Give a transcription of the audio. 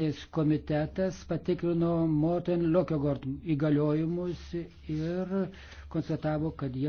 Teisės komitetas patikrino Morten Lokiogort įgaliojimus ir konstatavo, kad jie